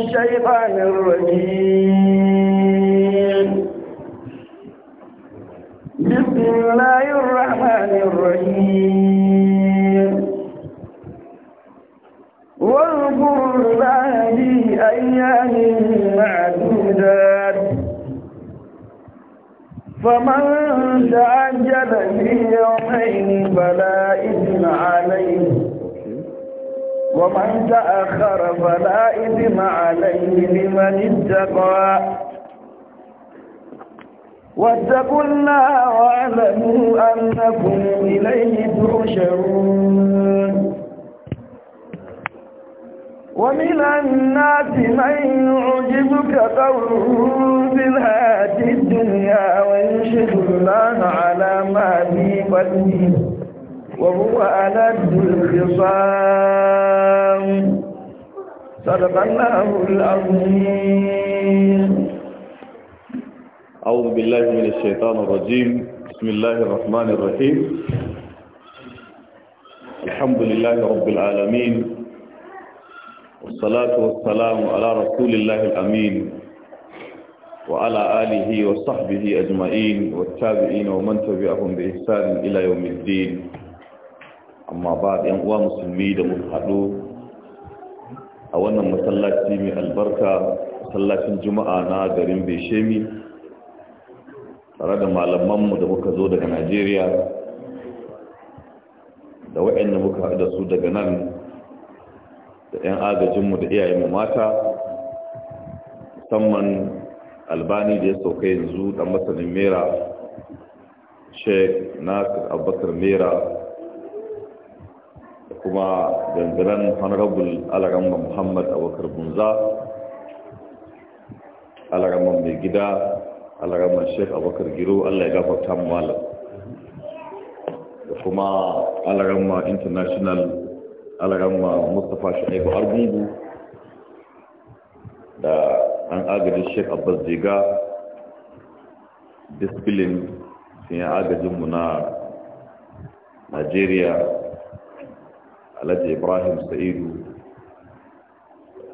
الشيطان الرجيم من يعجبك قوله في الحياة الدنيا ويشهد الله على ما في بطنه وهو ألد الخصام صدق الله العظيم أعوذ بالله من الشيطان الرجيم بسم الله الرحمن الرحيم الحمد لله رب العالمين والصلاة والسلام على رسول الله الأمين وعلى آله وصحبه أجمعين والتابعين ومن تبعهم بإحسان إلى يوم الدين أما بعد ينقوى مسلمين ملحدون a wannan masallaci mai albarka masallacin juma'a na garin beshemi tare da malamanmu da muka zo daga najeriya da waɗanda muka haɗu da su daga nan 'yan agajinmu da iyayenmu mata musamman albani da ya sauka yanzu dan masanin mera sheik nasir abubakar mera da kuma gangaran honorable alaramma muhammad abubakar bunza alaramma mai gida alaramma sheik abubakar giro allah ya gafarta malam da kuma alaramma international alarama mustapha shaibu argungu da an agajin sheik abbas jiga disbilin sun yi agajinmu na najeriya alhaji ibrahim sa'idu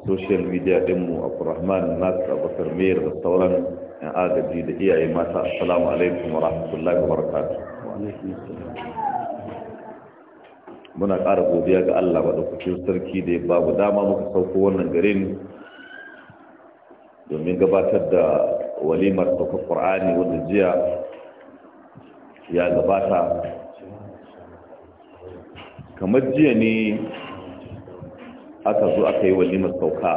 social media dinmu abdurrahman nasir abubakar mayar da sauran yan agaji da iyaye mata assalamu alaikum wa rahmatullahi wa barakatuh muna ƙara godiya ga Allah maɗaukacin sarki da ya babu. dama muka sauko wannan garin domin gabatar da walimar saukar ƙur'ani wanda jiya ya gabata kamar jiya ne aka zo aka yi walimar sauka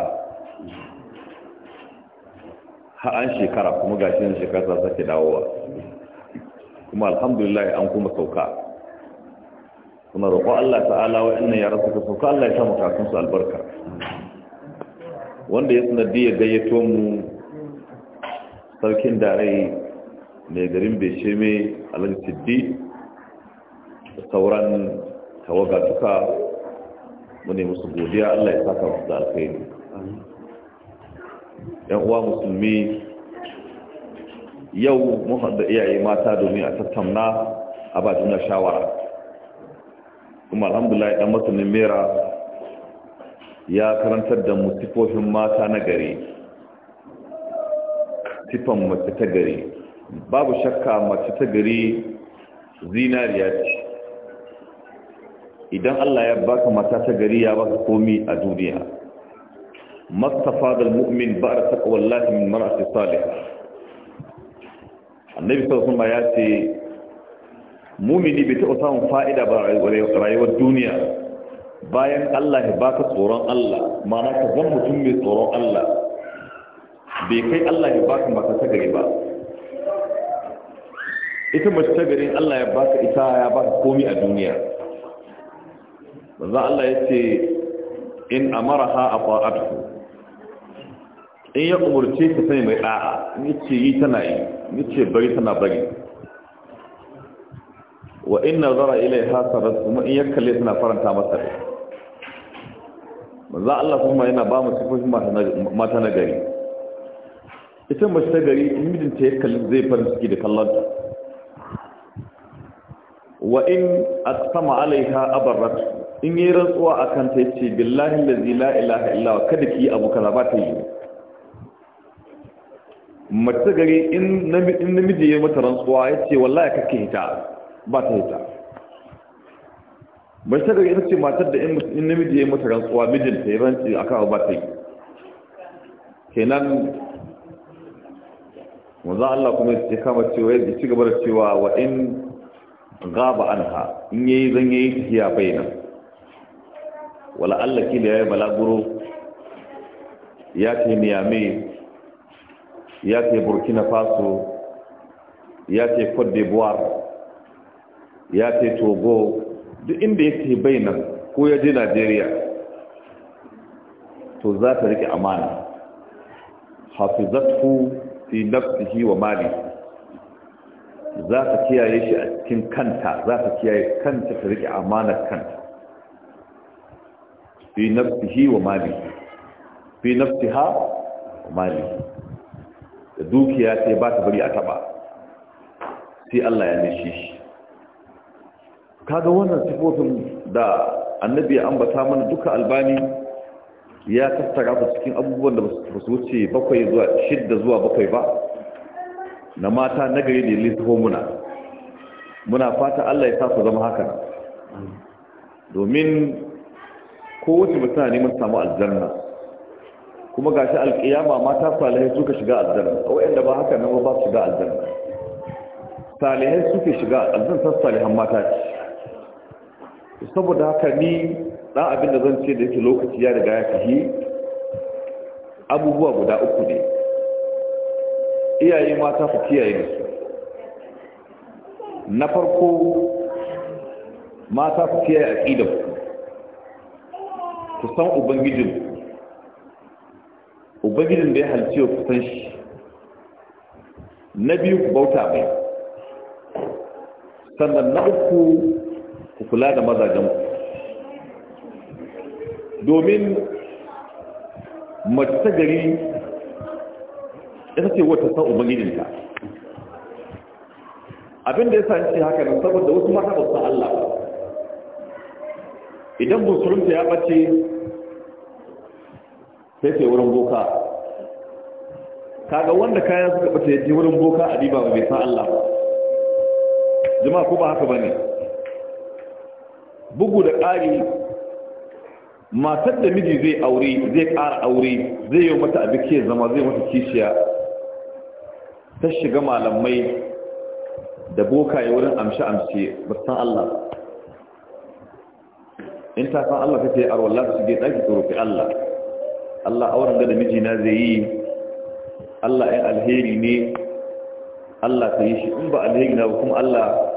ha'an shekara kuma na shekara sake dawowa kuma alhamdulillah an kuma sauka kuma roƙo Allah ta'ala inna ya rasu ka sauka Allah ya samu kakansu albarka wanda ya ya gayyato mu sarkin darai mai garin besheme alhaji siddi da sauran tawaga duka ne musu godiya Allah ya saka musu da alkhairi yan uwa musulmi yau mun haɗa iyaye mata domin a tattauna a ba juna shawara kuma alhamdulillah dan masanin mera ya karantar da mu mata na gari tifan mace ta gari babu shakka mace ta gari zinariya ce idan Allah ya baka mata ta gari ya baka komi a duniya mastafa da mu'min ba da min mar'ati salih annabi sallallahu alaihi ya ce mumini bai taɓa samun fa'ida ba rayuwar duniya bayan Allah ya baka tsoron Allah ma'ana ka zan mutum mai tsoron Allah bai kai Allah ya baka mata ta gari ba ita mace ta gari Allah ya baka ita ya baka komi a duniya za Allah ya ce in ha a fa'adku in ya umarce ta sani mai ɗa'a ni ce yi tana yi ni ce bari tana bari wa inna zara ilai hasarar kuma in ya kalle suna faranta masa rai Za Allah kuma yana ba mu sifofi mata na gari ita mace ta gari in mijinta ya kalli zai farin ciki da kallonta wa in aqsama alaiha abarrat in yi rantsuwa akan ta yace billahi allazi la ilaha illa wa kada ki abu kaza ba ta yi mace ta gari in namiji ya mata rantsuwa yace wallahi kake hita ba ta ta bai ta daga ita ce matar da in namiji ya yi mata rantsuwa mijinta ya ranci a kan ba ta yi kenan wanzan Allah kuma ya kama cewa ya ci gaba da cewa wa in gaba an ha in yayi zan yayi tafiya bayanan wala Allah kila yayi balaguro ya kai Niamey ya kai Burkina Faso ya ce Cote d'Ivoire ya ce togo duk inda ya ce bai nan ko ya je najeriya to za ta rike amana hafizatu fi nafsihi wa mali za ta kiyaye shi a cikin kanta za ta kiyaye kanta ta rike amanar kanta fi nafsihi wa mali fi nafsiha wa mali da dukiya sai ba ta bari a taba sai Allah ya nishi shi kaga wannan sifofin da annabi ya ambata mana duka albani ya tattara su cikin abubuwan da ba su wuce bakwai zuwa shidda zuwa bakwai ba na mata na gari da lissafo muna muna fata Allah ya sa su zama haka domin kowace mutane mun samu aljanna kuma gashi alƙiyama mata salihai suka shiga aljanna waɗanda ba haka nan ba su shiga aljanna salihai suke shiga aljanna salihan mata ce saboda haka ni ɗan abin da zan ce da yake lokaci ya riga ya fahi abubuwa guda uku ne iyaye mata ku kiyaye da su na farko mata ku kiyaye aƙidanku ku san ubangijin, ubangijin da ya halce ku san shi na biyu ku bauta mai sannan na uku kula da mazajen domin mace ta gari ita ce wata san ubangijinta abinda ya sa ce haka nan saboda wasu mata ba su Allah idan musulunta ya ɓace sai sai wurin boka kaga wanda kayan suka ɓace ya wurin boka a ba bai sa Allah jama'a ko ba haka ba ne bugu da ƙari matar da miji zai aure zai ƙara aure zai yi mata abin ke zama zai mata kishiya ta shiga malamai da boka bokaye wurin amshe-amshe ba san Allah in ta san Allah kake ar wallahi su ge daki tsoro fi Allah Allah auren da miji na zai yi Allah ya alheri ne Allah ta yi shi in ba alheri na kuma Allah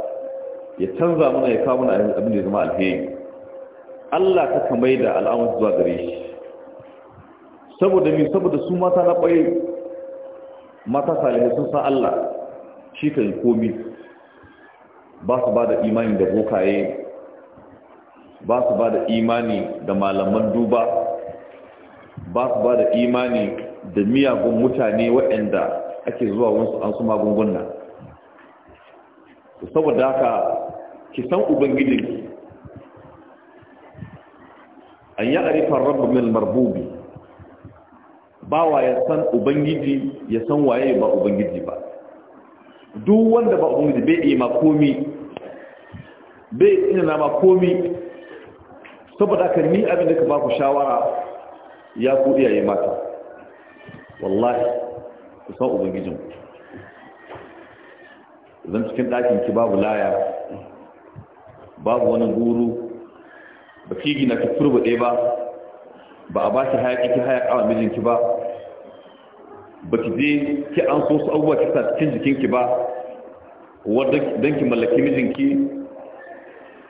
ya canza mana ya kawo mana abin da ya zama alheri Allah ta kama da al'amun zuwa gare shi saboda min saboda su mata na ƙwai mata salihai sun san Allah shi kan komi ba su ba da imani da bokaye ba su ba da imani da malaman duba ba su ba da imani da miyagun mutane waɗanda ake zuwa wasu an su magunguna saboda haka ki san ubangijinki an yi arifar rabu min marbubi wa ya san ubangiji ya san waye ba ubangiji ba duk wanda ba ubangiji bai yi ma komi bai tsinana ma komi saboda ka ni abin da ka ba ku shawara ya ku iyaye mata wallahi ku san ubangijin, zan cikin ɗakin ki babu laya babu wani guru ba figi na ta turbuɗe ba ba a ba shi hayaƙi ki hayaƙa wa mijinki ba ba ki je ki an so su abubuwa ki cikin jikinki ba wadda don ki mallaki mijinki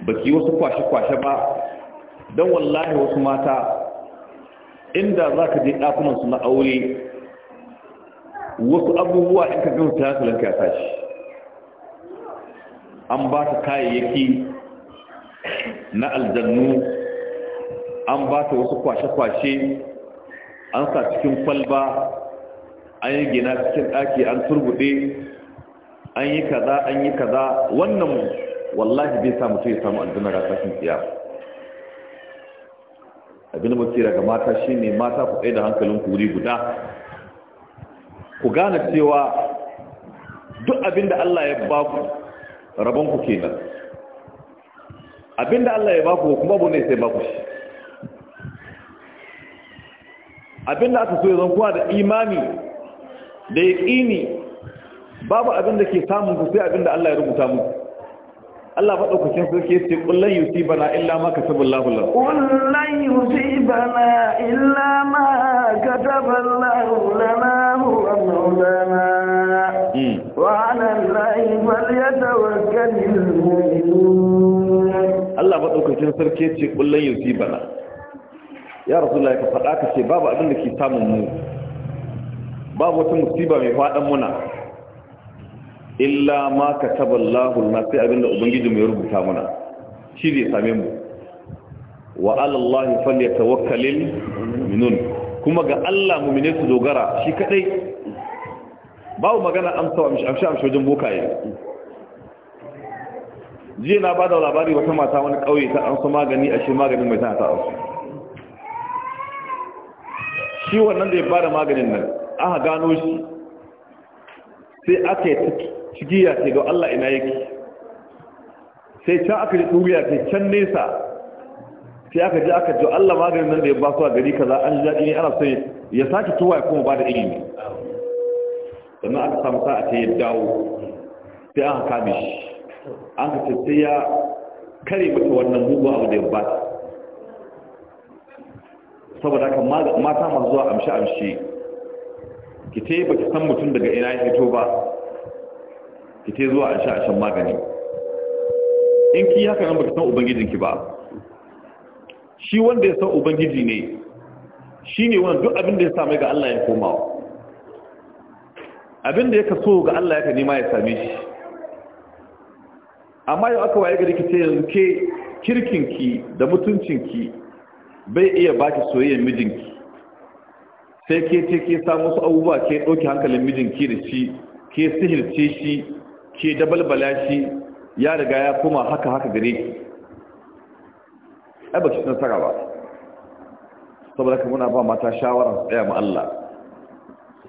ba ki wasu kwashe-kwashe ba don wallahi wasu mata inda za ka je ɗakunansu na aure wasu abubuwa in ka gama ta hankalinka ya tashi an ba ta kayayyaki na aljannu an ba ta wasu kwashe-kwashe an sa cikin kwalba an yi gina cikin ɗaki an turbuɗe an yi kaza an yi kaza wannan wallahi bai samu sai ya samu aljanna ga tashin tsiya abin da ga mata shine mata ku da hankalin ku guda ku gane cewa duk abin da Allah ya ba ku rabon ku kenan abinda Allah ya baku kuma bu ne sai baku shi abinda aka so ya zan kuwa da imani da ƙini babu abinda ke samun ku sai abinda Allah ya rubuta mu Allah maɗaukacin sarki ce kullun bana illa ma kataballahu lana kullun yusibana illa ma kataballahu lana huwa maulana hmm. wa ya allahi falyatawakkalul mu'minun Allah maɗaukacin sarki ce kullun yusi bana ya rasulullahi ka faɗa ka ce babu abin da ke samun mu babu wata musiba mai faɗan muna illa ma kataballahu na sai abin da ubangiji mai rubuta muna shi zai same mu wa alallahi falyatawakkalil minun kuma ga Allah mu mine su dogara shi kadai babu magana amsa amshi amshi wajen bokaye jiya na ba da labari wata mata wani kauye ta an su magani a shi maganin mai tana ta auku shi wannan da ya ba da maganin nan aka gano shi sai aka yi cigiya ce ga Allah ina yake sai can aka ji tsuriya ce can nesa sai aka ji aka ji Allah maganin nan da ya ba su a gari kaza an ji daɗi ne ana sai ya sake tuwa ya kuma ba da ilimi sannan aka samu sa'a ta ya dawo sai aka kame shi an ka ce sai ya kare mata wannan mugu abu da ya ba saboda haka mata masu zuwa amshi amshi ki te ba ki san mutum daga ina ya fito ba ki te zuwa a amshin magani in ki haka nan ba ki san ubangijinki ba shi wanda ya san ubangiji ne shi ne wanda duk abin da ya same ga Allah ya komawa abin da ya kaso ga Allah ya ka nema ya same shi amma yau aka waye gari kice yanzu ke ki da mutuncin ki bai iya baki soyayyar mijinki sai ke ce ke samu su abubuwa ke ɗauki hankalin mijinki da shi ke sihirce shi ke dabalbala shi ya riga ya kuma haka haka gare ki ai baki sun saka ba saboda kuma muna ba mata shawara tsaya ma Allah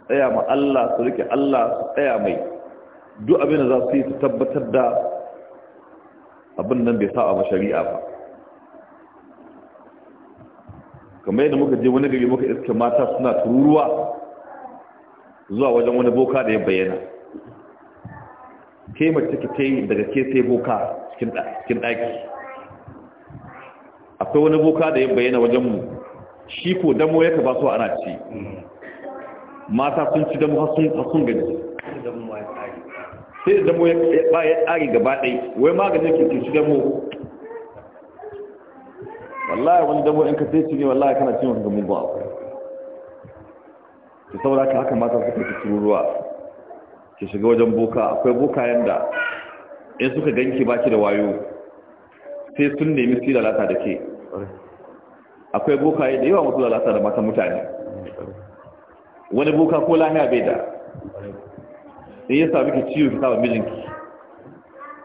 tsaya ma Allah su rike Allah su tsaya mai duk abin da za su yi su tabbatar da abin nan bai sa'a ba shari'a ba kamar yadda muka je wani gari muka iske mata suna tururuwa zuwa wajen wani boka da ya bayyana ke mace ki kai daga ke sai boka cikin ɗaki akwai wani boka da ya bayyana wajen mu shi ko damo ka ba su ana ci mata sun ci damo hasun sun gaji sai da zamo ya tsari gaba ɗai wai maganin ke ke shiga mu wallahi wani damo in ka sai shi ne wallahi kana cin wanda mugun abu ki saura ka haka mata suka fi tururuwa ki shiga wajen boka akwai boka yanda in suka ganki baki da wayo sai sun nemi su lalata da ke akwai boka yadda yawa masu lalata da mata mutane wani boka ko lahiya bai da in ya sami ki ciwo ki saba mijinki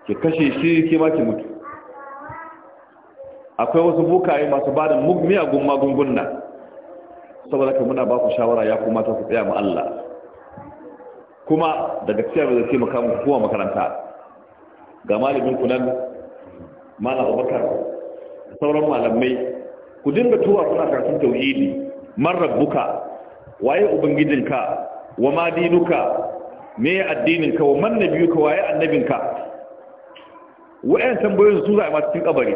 ki kashe shi ke ma mutu akwai wasu bukaye masu ba da miyagun na saboda ka muna ba ku shawara ya kuma ta ku tsaya ma Allah kuma daga gaskiya bai zai taimaka muku kowa makaranta ga malamin ku nan malam Abubakar sauran malamai ku dinga tuwa kuna karatun tauhidi man rabbuka waye ubangijinka wa ma dinuka me ya addinin ka wa man biyu ka waye annabin ka wa'yan tambayoyin su za a ma cikin kabari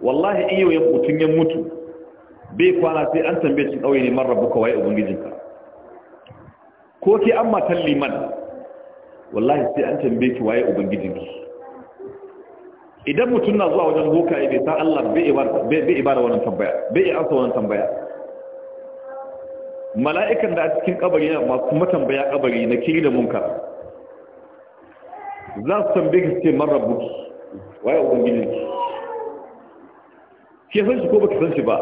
wallahi in yau mutum ya mutu bai kwana sai an tambaye cikin kauye ne man ka waye ka. ko ke an matan liman wallahi sai an tambaye ki waye ki. idan mutum na zuwa wajen boka ya bai Allah bai ibara wannan tambaya bai ansa wannan tambaya mala'ikan da a cikin kabari na masu matambaya ƙabari na kiri da munka za su tambi ka ce marar buki waye ubangijinki ke san shi ko ba ka san shi ba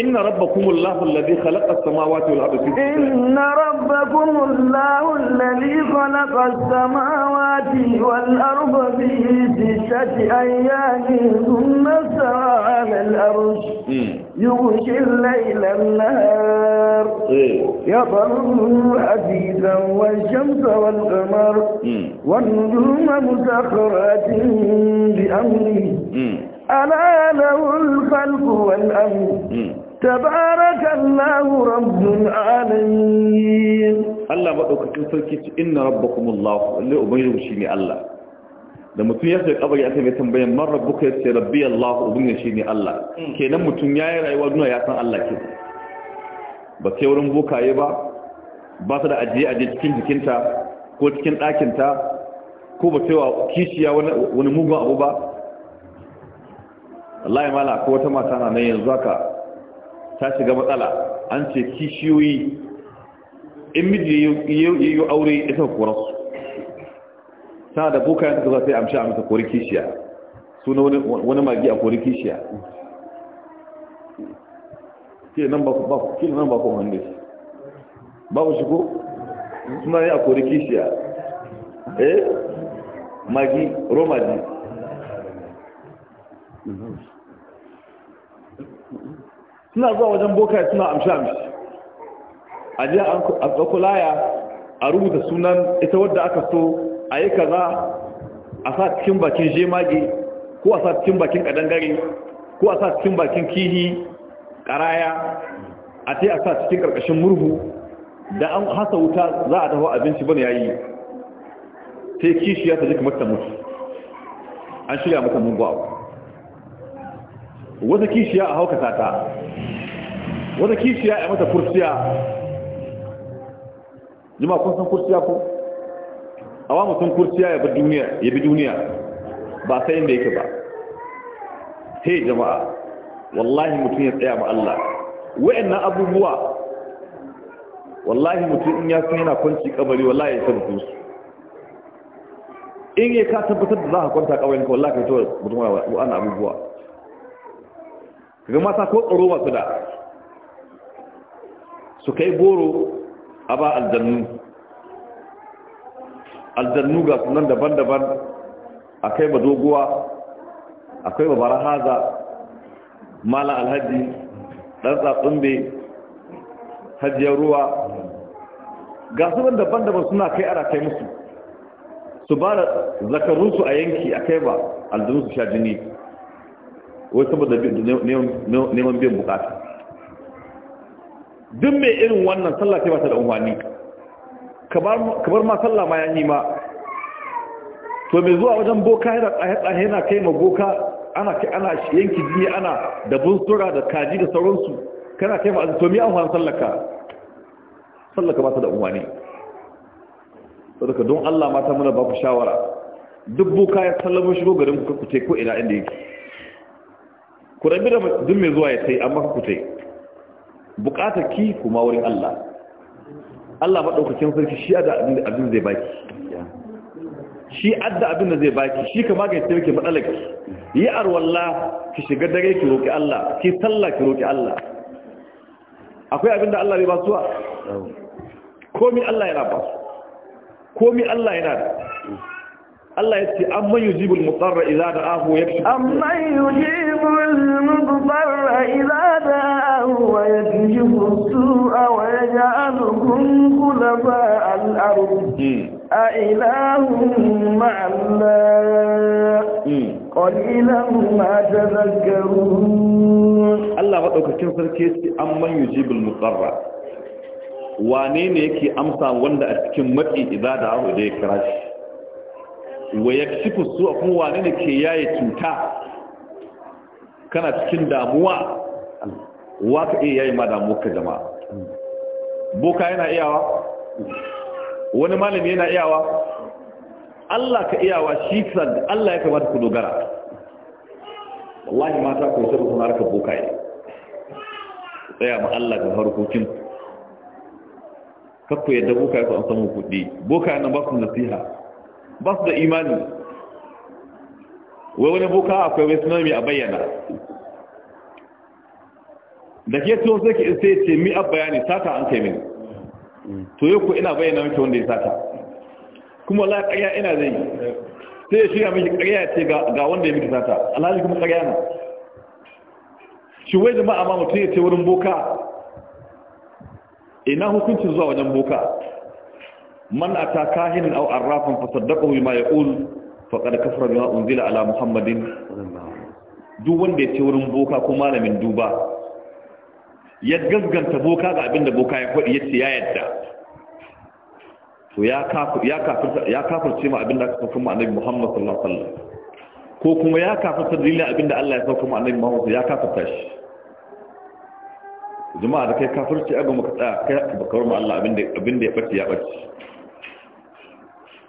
إن ربكم الله الذي خلق السماوات والأرض في ستة إن ربكم الله الذي خلق السماوات والأرض في ستة أيام ثم سرى على الأرش يغشي الليل النهار إيه. يطلبه حديثا والشمس والقمر والنجوم مسخرات بأمره ألا له الخلق والأمر تبارك الله رب العالمين الله madaukakin sarki ce inna rabbakumullah lalle ubangiji shine Allah da mutum ya shiga kabari aka mai tambayan man rabbuka ya ce rabbi Allah ubangiji shine Allah kenan mutum ya yi rayuwa duniya ya san Allah ke ba sai wurin bokaye ba ba ta da ajiye aje cikin jikinta ko cikin ɗakinta ko ba cewa kishiya wani mugun abu ba Allah ya mala ko wata mata na nan yanzu haka ta shiga matsala an ce kishiyoyi in miji yi yi aure ita korarsu tana da boka yanzu za ta yi amshi a mata kori kishiya suna wani magi a kori kishiya ke nan ba ku hannu shi ku shigo ko suna yi a kori kishiya eh magi romaji suna zuwa wajen boka suna amshi amshi a je an tsakulaya a rubuta sunan ita wadda aka so a yi kaza a sa cikin bakin jemage ko a sa cikin bakin kadangare ko a sa cikin bakin kihi karaya a ce a sa cikin karkashin murhu da an hasa wuta za a taho abinci bane yayi sai kishi ya taji kamar ta mutu an shirya mata mungu wata kishiya a haukata ta wata kishiya a mata kurciya jima kun san kurciya ko awa mutum kursiya ya bi duniya ya bi duniya ba sai inda yake ba he jama'a wallahi mutum ya tsaya ma Allah wa'annan abubuwa wallahi mutum in ya san yana kwanci kabari wallahi ya san su in ya ka tabbatar da za ka kwanta kabarin ka wallahi ka to mutum wa ana abubuwa kaga mata ko tsaro masu da su kai goro a ba aljannu aljannu ga sunan daban-daban kai ba doguwa akwai babbar haza mala alhaji ɗan bai, hajiyar ruwa ga sunan daban-daban suna kai ara kai musu su ba da zakarunsu a yanki a kai ba aljannu su sha jini wai saboda neman biyan bukata duk mai irin wannan sallah ce ba ta da ka bar ma sallah ma yanyi ma to mai zuwa wajen boka yana tsaye-tsaye yana kai ma boka ana ana yanki jini ana da bunsura da kaji da sauransu kana kai ma to mi an wani sallaka sallaka ba ta da unwani saboda don Allah mata muna ba ku shawara duk boka ya sallama shigo garin ku kute ko ina inda yake ku rabi da duk mai zuwa ya sai amma ku kute bukatar ki kuma wurin Allah Allah maɗaukakin sarki shi adda abin zai baki shi adda abin da zai baki shi kama ga yadda ke matsalar ki yi arwalla ki shiga dare ki roƙi Allah ki sallah ki roƙi Allah akwai abin da Allah bai ba wa? komi Allah yana ba su komi Allah yana da Allah ya ce an man yujibul mutarra idza da'ahu yakshi amman yujibul هو السوء خلفاء الأرض أإله مع الله قليلا ما تذكرون الله أمن يجيب wane ne yake amsa wanda a cikin matsi idan da abu da ya kira shi wa ya ci fusu a kuma wane ne ke yaye cuta kana cikin damuwa wa ka iya yayi ma damu ka jama'a boka yana iyawa wani malami yana iyawa Allah ka iyawa shi da Allah ya kamata ku dogara wallahi mata ku sai ku harka boka yi tsaya ma Allah ga harkokin ku yadda boka ku an samu kuɗi boka yana ba su nasiha ba su da imani wai wani boka akwai wai sunami a bayyana da ke to sai ya ce mi ab bayani sata an kai mini to yi ko ina bayyana miki wanda ya sata kuma wala ƙarya ina zai sai ya shirya miki ƙarya ce ga wanda ya miki sata alhaji kuma ƙarya na shi wai jama'a ma mutum ya ce wurin boka ina hukuncin zuwa wajen boka man a ta kahinin aw arrafan fa saddaqahu bima yaqul faqad kafara bima unzila ala muhammadin duk wanda ya ce wurin boka ko malamin duba ya gasganta boka ga abinda boka ya faɗi yace ya yadda to ya kafir kafirce ma abinda aka sauka mu annabi Muhammad sallallahu alaihi ko kuma ya kafirta dalilin abinda Allah ya sauka mu annabi Muhammad ya kafirta shi jama'a da kai kafirci a goma ka tsaya kai ka bakar ma Allah abinda ya bace ya ɓace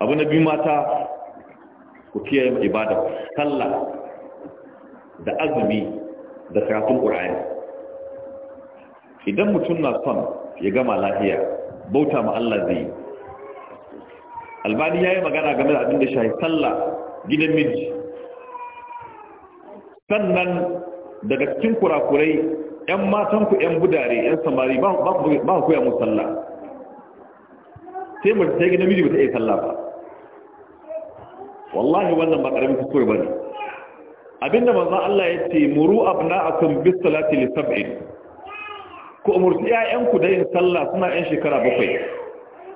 abu na biyu mata ku kiyaye ibada sallah da azumi da karatun ƙur'ani. idan mutum na son ya gama lahiya bauta ma Allah zai albani ya yi magana game da abin da shahi sallah gidan miji sannan daga cikin kurakurai 'yan matanku 'yan budare 'yan samari ba ku koya mu sallah sai mace ta yi gidan miji ba ta iya sallah ba wallahi wannan ba ƙaramin kuskure ba ne abinda manzo Allah ya ce muru abna'akum bis salati li ku umurci ƴaƴanku da yin sallah suna ƴan shekara bakwai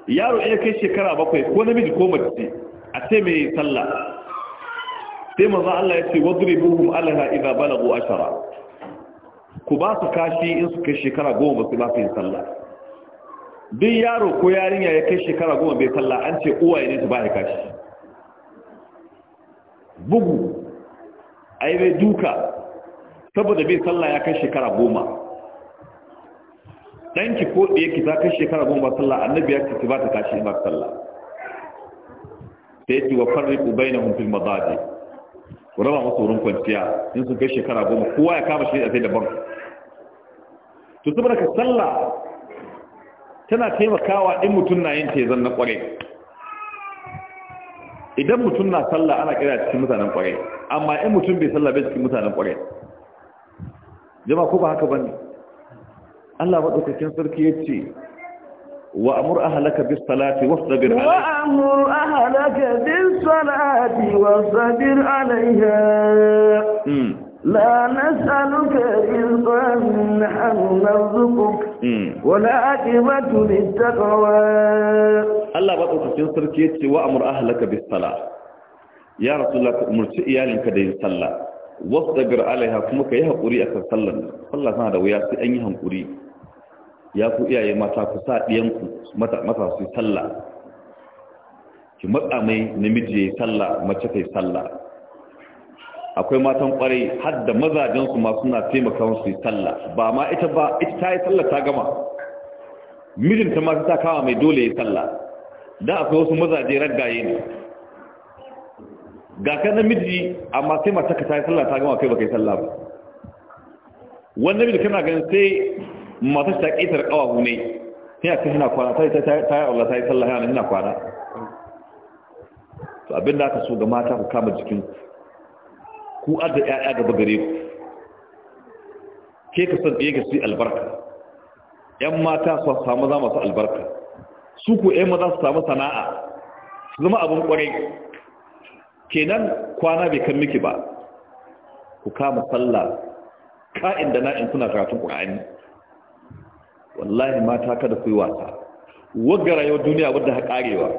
yaro in ya kai shekara bakwai ko namiji ko mace a ce mai sallah sai maza Allah ya ce Allah alaha idza balagu ashara ku ba su kashi in su kai shekara goma ba su ba su yin sallah duk yaro ko yarinya ya kai shekara goma bai sallah an ce uwa ne su ba ya kashi bugu a yi mai duka saboda bai sallah ya kai shekara goma danki ko ɗaya ki ta kai shekara goma ba sallah annabi ya ce ba ta tashi ba sallah sai ki wa farriqu bainahum fil madaji ku raba musu wurin kwanciya in sun kai shekara goma kowa ya kama shi a sai daban to saboda ka sallah tana taimakawa in mutum na yin tezan na kwarai idan mutum na sallah ana kira cikin mutanen kwarai amma in mutum bai sallah bai cikin mutanen kwarai jama'a ko ba haka bane Allah maɗaukakin sarki ya ce wa amur ahalaka bis salati wa amur ahalaka bis salati wasbir alaiha hmm. la nas'aluka rizqan nahnu narzuquk hmm. wala aqibatu littaqwa Allah maɗaukakin sarki ya ce wa ahalaka bis ya iyalinka da yin sallah wasdabir alaiha kuma ka yi haƙuri a kan sallan sallah tana da wuya sai an yi haƙuri ya ku iyaye mata ku sa ɗiyanku mata su sallah ki matsa mai namiji ya sallah mace ta yi sallah akwai matan ƙwarai har da mazajensu ma suna taimaka su yi sallah ba ma ita ba ita ta yi sallah ta gama mijinta ma ta kama mai dole ya yi sallah da akwai wasu mazaje raggaye ne ga ka namiji amma sai mata ka ta yi sallah ta gama kai ba kai sallah ba wani namiji kana ganin sai mata ta ƙetar ƙawa ne sai ta hina kwana ta yi Allah ta yi sallah yana hina kwana to abin da aka so ga mata ku kama jikin ku adda ƴaƴa gaba gare ku ke ka san ɗaya ga su albarka ƴan mata su samu za masu albarka su ku ƴan maza su samu sana'a su zama abin ƙwarai kenan kwana bai kan miki ba ku kama sallah ka'in da na'in kuna karatun ƙur'ani wallahi mata kada ku yi wasa wagara rayuwar duniya wadda ha ƙarewa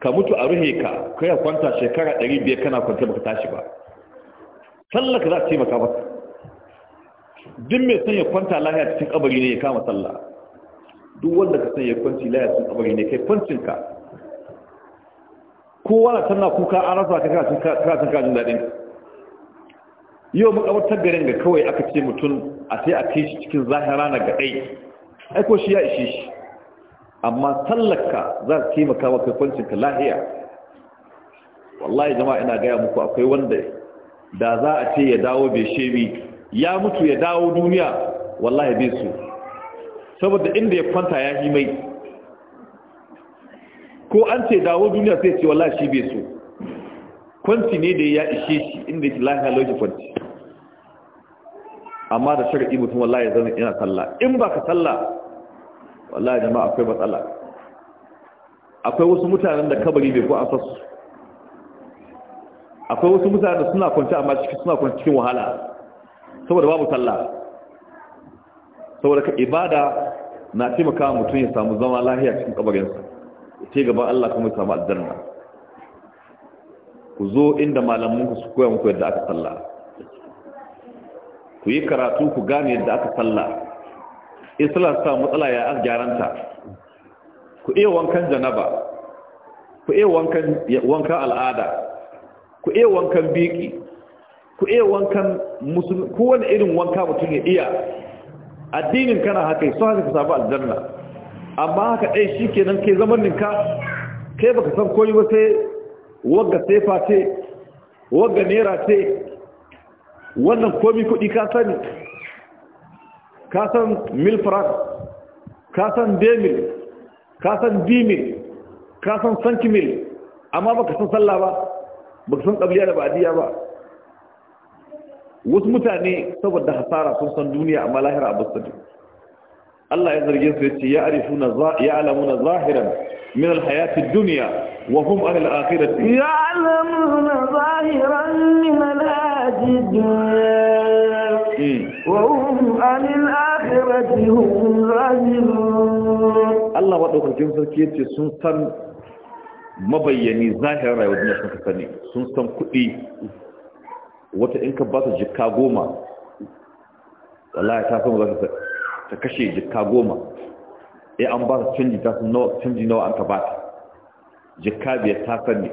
ka mutu a ruhe ka kai a kwanta shekara 500 kana kwanta baka tashi ba sallah ka za a taimaka maka duk mai son ya kwanta lahiya cikin kabari ne ya kama sallah duk wanda ka son ya kwanci lahiya cikin kabari ne kai kwancin ka kowa na tana kuka an rasa ka karatun kajin daɗin yau makabartar garin ga kawai aka ce mutum a sai a kai shi cikin zahara na ga ɗai aiko shi ya ishe shi amma tallaka za su taimaka maka ka lahiya wallahi jama'a ina gaya muku akwai wanda da za a ce ya dawo bai shebi ya mutu ya dawo duniya wallahi bai su saboda inda ya kwanta ya yi mai ko an ce dawo duniya sai ce wallahi shi bai so kwanci ne da ya ishe shi inda yake lahiya lauki kwanci amma da shari'i mutum wallahi zan yana sallah in ba ka sallah wallahi jama'a akwai matsala akwai wasu mutanen da kabari bai ko an sasu akwai wasu mutanen da suna kwanci amma ciki suna kwanci cikin wahala saboda babu sallah saboda ka ibada na taimaka mutum ya samu zama lahiya cikin kabarinsa te gaban Allah kuma ya samu aljanna ku zo inda malamin ku su koya muku yadda aka sallah ku yi karatu ku gane yadda aka sallah islam sa matsala ya an gyaranta ku iya wankan janaba ku iya wankan wankan al'ada ku iya wankan biki ku iya wankan musulmi kowane irin wanka mutum ya iya addinin kana haka so haka ka samu aljanna amma haka ɗai shi kenan ke zaman ninka kai baka san koyi ba sai wagga sefa ce wagga nera ce wannan komi kuɗi ka sani ka san mil frank ka san demil ka san bimil ka san santimil amma baka san sallah ba baka san ƙabliya da ba'adiyya ba wasu mutane saboda hasara sun san duniya amma lahira a basu Allah ya zarge su yace ya arifuna ya alamuna zahiran min alhayati ad-dunya wa hum an al-akhirati ya alamuna zahiran min alhayati ad-dunya hmm. wa hum an al-akhirati hum rajilun Allah madaukakin sarki yace sun san mabayyani zahirar rayuwar duniya sun sani sun san kuɗi wata in ka ba su jikka goma wallahi ta san ba za su ta kashe jikka goma ya eh, an ba ta canji ta sun nawa canji nawa an ka ba ta jikka biyar ta sani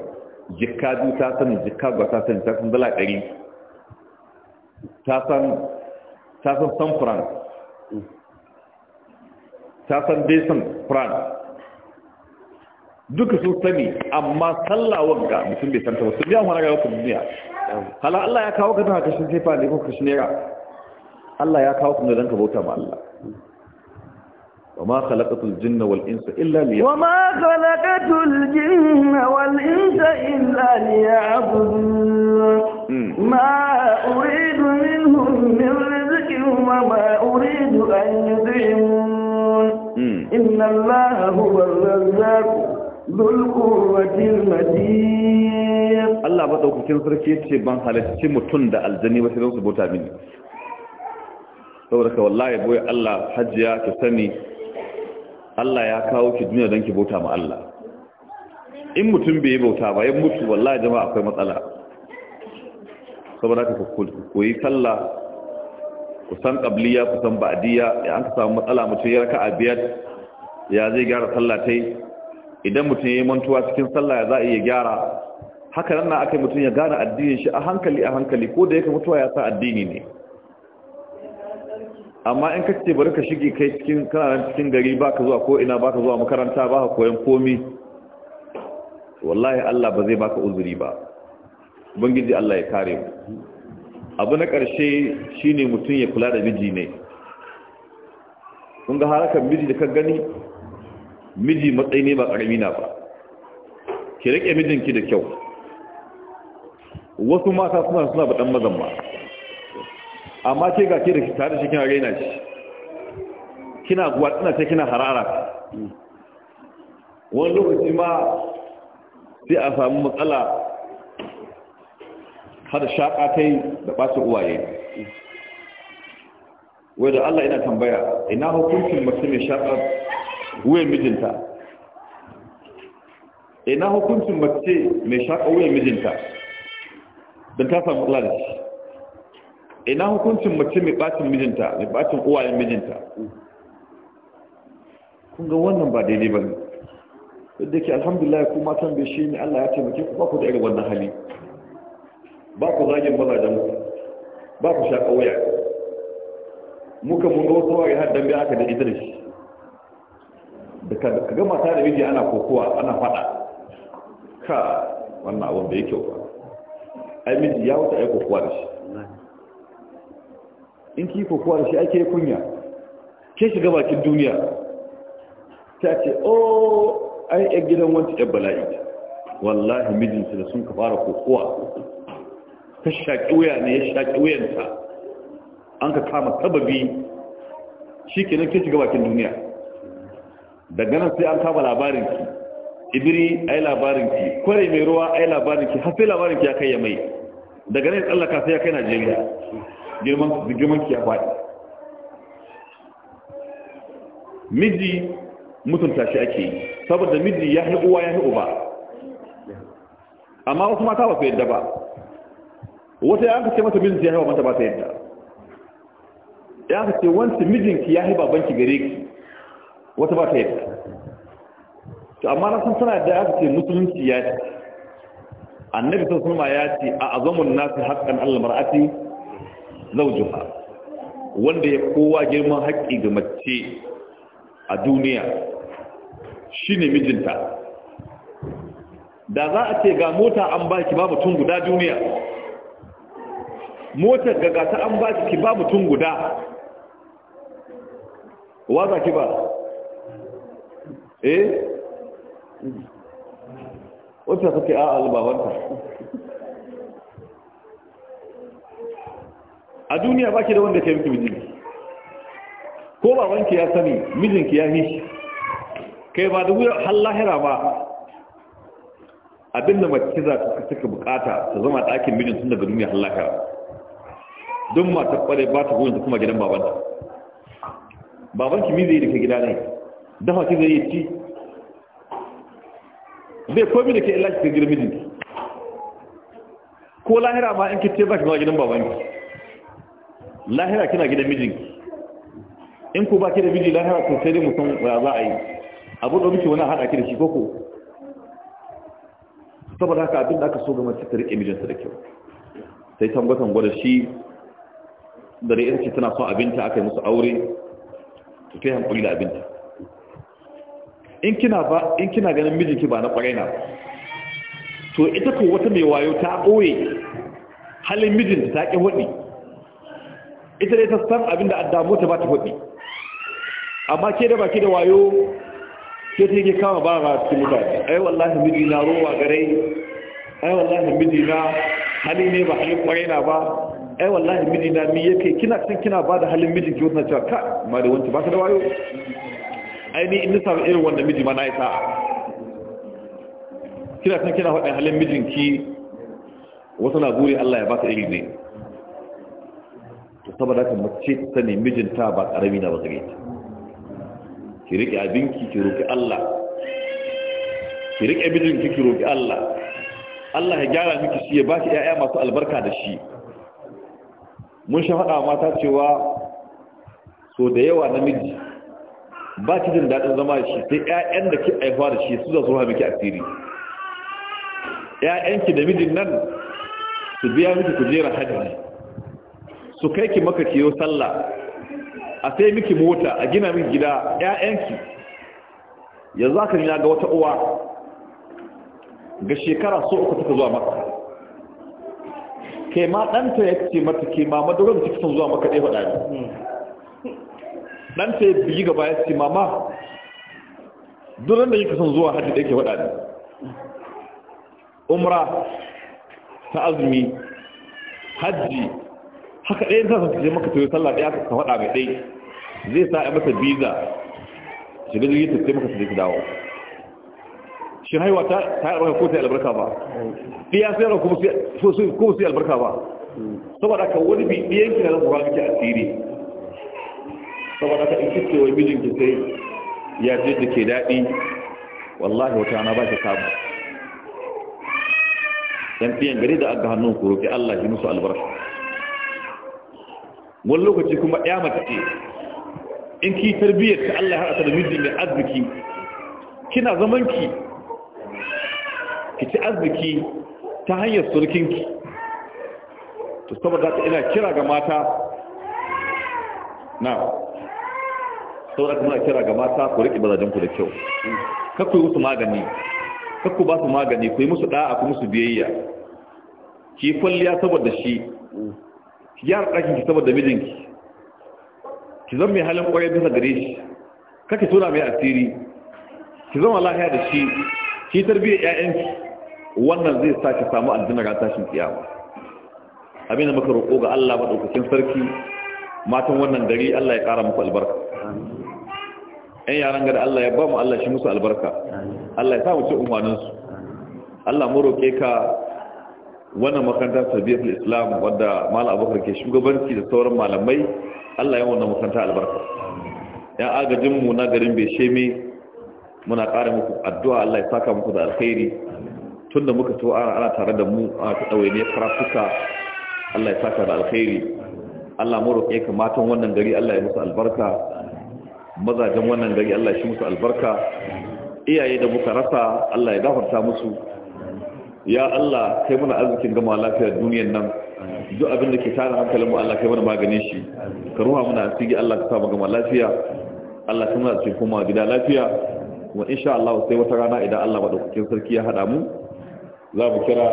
jikka biyu ta sani jikka gwa ta sani ta san dala ɗari ta san san franc ta san dai san franc duka sun sani amma sallah ga mutum bai santa ba sun biya wani ga wata duniya hala Allah ya kawo ka don kashin shi sefa ne ko kashin nera Allah ya kawo kuma don ka bauta ma Allah وما خلقت الجن والإنس إلا ليعبدون وما خلقت الجن والإنس إلا ليعبدون ما أريد منهم من رزق وما أريد أن يطعمون إن الله هو الرزاق ذو القوة المتين Allah madaukakin sarki yace ban halarci mutum da aljani ba sai don su bota mini saboda ka wallahi boye Allah hajjiya ta sani Allah ya kawo ki duniya don ki bauta ma Allah in mutum bai yi bauta ba ya mutu wallahi jama'a akwai matsala saboda ka koyi sallah ku san qabliya ku san ba'diya ya an ka samu matsala mutum ya a biyar ya zai gyara sallah tai idan mutum yayi mantuwa cikin sallah ya za a iya gyara haka nan na akai mutum ya gane addinin shi a hankali a hankali ko da yake mutuwa ya sa addini ne amma in ka ce bari ka shige kai cikin kananan cikin gari ba ka zuwa ko ina ba ka zuwa makaranta ba ka koyan komi wallahi Allah ba zai baka uzuri ba ubangiji Allah ya kare mu abu na ƙarshe shine mutum ya kula da miji ne Kunga ga harakan miji da ka gani miji matsayi ne ba ƙarami na ba ki rike mijinki da kyau wasu mata suna suna ba dan mazan ba amma ce ga ke da tare da shi kina raina shi kina gwatsina ta kina harara wani lokaci ma sai a samu matsala har shaƙa ta yi da ɓacin uwaye wai da Allah ina tambaya ina hukuncin mace mai shaƙar wuyan mijinta ina hukuncin mace mai shaƙar wuyan mijinta don ta samu matsala da shi ina hukuncin mace mai bacin mijinta mai bacin uwayen mijinta kun ga wannan ba daidai ba ne yadda ke alhamdulillah ku matan bai shi ne Allah ya taimake ku ba ku da irin wannan hali ba ku zagin mazajen ku ba ku sha wuya muka mun ga wasu wari har dambe aka da idris da ka ga mata da miji ana kokowa ana faɗa ka wannan abin da ya kyau ba ai miji ya wuce ai kokowa da shi in ki kokowa da shi ake kunya ke shiga bakin duniya ta ce o oh, ai yan gidan wancan yan bala'i wallahi mijinsu da sun ka fara kokowa ta shaƙi wuya ne ya shaƙi wuyanta an ka kama sababi shi ke nan ke shiga bakin duniya daga nan sai an kama labarinki ibiri a yi labarinki kwarai mai ruwa a yi labarinki har sai labarinki ya kai ya mai daga nan ya tsallaka sai ya kai najeriya girman girman ki ya faɗi miji mutunta shi ake yi saboda miji ya yi uwa ya yi uba amma wasu mata ba su yadda ba wata ya aka ce mata miji ya yi babanta ba ta yadda ya aka ce wancan mijinki ya yi babanki gare ki wata ba ta yadda to amma na san sana da aka ce musulunci ya ce annabi sun suma ya ce a azamun nasu haƙƙan allah mar'ati zaujuha wanda ya kowa girman haƙƙi ga mace a duniya shine mijinta da za a ce ga mota an baki ba mutum guda duniya motar ga ta an baki ba mutum guda wa za ki ba eh wata suke a albawanta a duniya ba ki da wanda ke miki mijinki ko ba wanki ya sani mijinki ya yi kai ba da wuya hallahira lahira ba abinda mace za ta suka bukata ta zama ɗakin mijin tun daga duniya hallahira don mata kware ba ta goyon kuma gidan babanta babanki mi zai yi da ke gida ne dafa ki zai yi ci zai komi da ke ilaki ki gidan mijinki ko lahira ma in ki ce ba ki zama gidan babanki lahira kina gidan mijinki in ku ba ki da miji lahira ku sai dai mutum ya za a yi abu da miki wani hada ki da shi koko saboda haka abin da aka so ga mace ta riƙe mijinta da kyau sai tambatan gwada shi da rai ita ce tana son abinta aka yi musu aure to kai hankali da abinta in kina ba in kina ganin mijinki ba na kwarai na to ita ko wata mai wayo ta ɓoye halin mijinta ta ƙi waɗi ita ne ta san abin da addamu ta ba ta faɗi amma ke da baki da wayo ke ta yake kama ba ga cikin mutane ai wallahi miji na rowa gare ai wallahi miji na hali ne ba halin kwarai na ba ai wallahi miji na mi yake kina san kina ba da halin miji ki wata cewa ka ma da wanta ba ta da wayo ai ni in nisa irin wannan miji ma na yi sa'a kina san kina faɗin halin mijinki wasu na buri Allah ya ba ta iri ne saboda haka mace ta sani mijinta ba karami na ba gare ta ki rike abinki ki roki Allah ki rike mijinki ki roki Allah Allah ya gyara miki shi ya ba ki ƴaƴa masu albarka da shi mun sha faɗa mata cewa so da yawa namiji ba ki jin daɗin zama da shi sai ƴaƴan da ki aihuwa da shi su za su ruha miki asiri ƴaƴanki da mijin nan su biya miki kujera hajji su kai ki maka ki yi sallah a sai miki mota a gina miki gida ƴaƴanki yanzu aka nuna ga wata uwa ga shekara so uku take zuwa maka kai ma ɗanta ya ce mata ke mama da wanda take son zuwa maka ɗaya faɗa ne ɗanta ya biyi gaba ya ce mama duran da yake son zuwa hajji da yake faɗa ne umra ta azumi hajji haka ɗaya sa sun je maka toyo sallah ɗaya ka faɗa mai ɗai zai sa a masa biza shiga jirgin ta sai maka su dawo shi haiwa ta ta albarka ko ta albarka ba ɗiya sai yara kuma yi albarka ba saboda ka wani bi ɗiyan ki na zan kura miki asiri saboda ka in kike wai mijin ki sai ya je da ke daɗi wallahi wata na ba shi samu Dan fiyan gari da aga hannun ku roƙi Allah shi musu albarka wani lokaci kuma ya mace in ki tarbiyyar ta Allah haɗa da miji mai arziki kina zamanki ki ci arziki ta hanyar sulkinki to saboda ta ina kira ga mata na saboda kuma kira ga mata ku riƙe bazajenku da kyau kakku yi musu magani kakku ba su magani ku yi musu ɗa'a ku musu biyayya ki kwalliya saboda shi ki gyara ɗakin ki saboda mijinki ki zan mai halin ƙwarar bisa gare shi kake tura mai asiri ki zama lahiya da shi ki tarbiyyar ƴaƴanki wannan zai sa ki samu aljanna ga tashin kiyama abin da muka roƙo ga Allah madaukakin sarki matan wannan gari Allah ya ƙara muku albarka ƴan yaran gada Allah ya ba mu Allah shi musu albarka Allah ya sa mu ci umarninsu Allah mu roƙe ka wannan makaranta tarbiyyar islam wadda malam abubakar ke shugabanci da sauran malamai allah ya wannan makaranta albarka yan agajin mu na garin besheme muna ƙara muku addu'a allah ya saka muku da alkhairi tun da muka tuwa ana tare da mu a ta ne karatuka allah ya saka da alkhairi allah mu roƙe ka matan wannan gari allah ya musu albarka mazajen wannan gari allah ya shi musu albarka iyaye da muka rasa allah ya gafarta musu ya Allah kai mana arzikin gama lafiyar duniyar nan duk abin da ke tara hankalin mu Allah kai mana maganin shi ka ruwa muna asiri Allah ka sa gama lafiya Allah ka mana cikin kuma gida lafiya wa insha Allah sai wata rana idan Allah madaukakin sarki ya hada mu za mu kira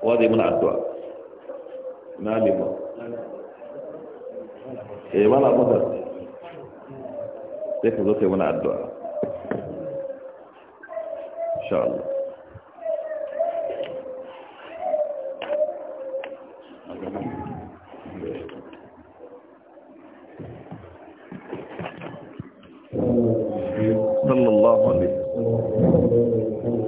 wa zai muna addu'a na lima eh mala mata sai ka zo kai mana addu'a insha صلى الله عليه وسلم